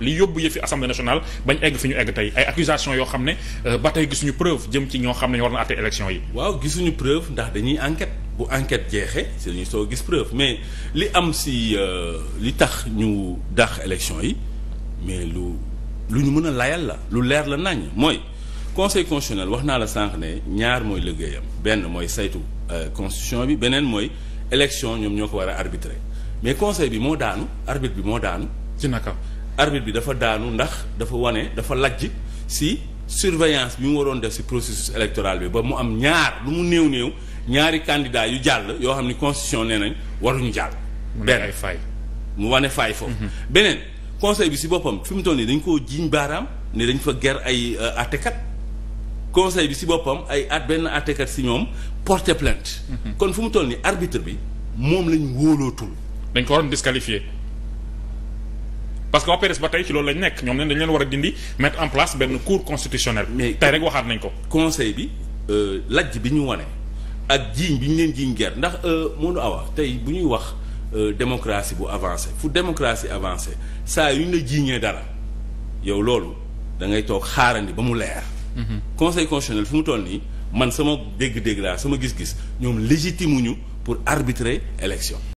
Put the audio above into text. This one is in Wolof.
li yóbbu yëfi assemblée nationale bañ egg fi ñu egg tey ay accusations yoo xam ne euh, ba tey gisuñu preuve jëm ci ñoo xam ne ñu war na àtte élection yi. waaw gisuñu preuve ndax dañuy enquête bu enquête jeexee si ñu soo gis preuve mais li am si euh, li tax ñu dàq élection yi mais lu lu ñu mën a layal la lu leer la nañ mooy conseil constitutionnel wax naa la sànq ne ñaar mooy liggéeyam benn mooy saytu euh, constitution bi beneen mooy élection ñoom ñoo ko war a arbitrer mais conseil bi moo daanu arbitre bi moo daanu. ci naka. arbitre bi dafa daanu ndax dafa wane dafa lajj si surveillance bi mu waroon def si processus électoral bi ba mu am ñaar lu mu néew néew ñaari candidat yu jàll yoo xam ni constitution nee nañ waruñu jàll. benn fay mu wane fay foofu. Mhm. beneen conseil bi si boppam fi mu toll nii dañ koo jiiñ baaraam ne dañ fa ger ay àttekat euh, conseil bi si boppam ay at benn àttekat si ñoom porter plainte. Mhm. kon fu mu toll nii arbitre bi moom lañ wóolootul. dañ ko waroon disqualifié. parce que waa PDS ba tey ci loolu lañ nekk ñoom neen dañ leen war a dindi mettre en place benn cour constitutionnelle tey rek waxaat nañ ko conseil bi euh, lajj bi ñu wane ak jiiñ bi ñu leen jiiñ guerre ndax euh, moonu awa tey bu ñuy wax euh, démocratie bu avancé fu démocratie avancé saa yu ñu la jiiñee dara yow loolu da ngay toog xaarandi ba mu leer mhm. conseil constitutionnel fu mu toll nii man sama dégg-dégg laa sama gis-gis ñoom légitime ñu pour arbitrer élection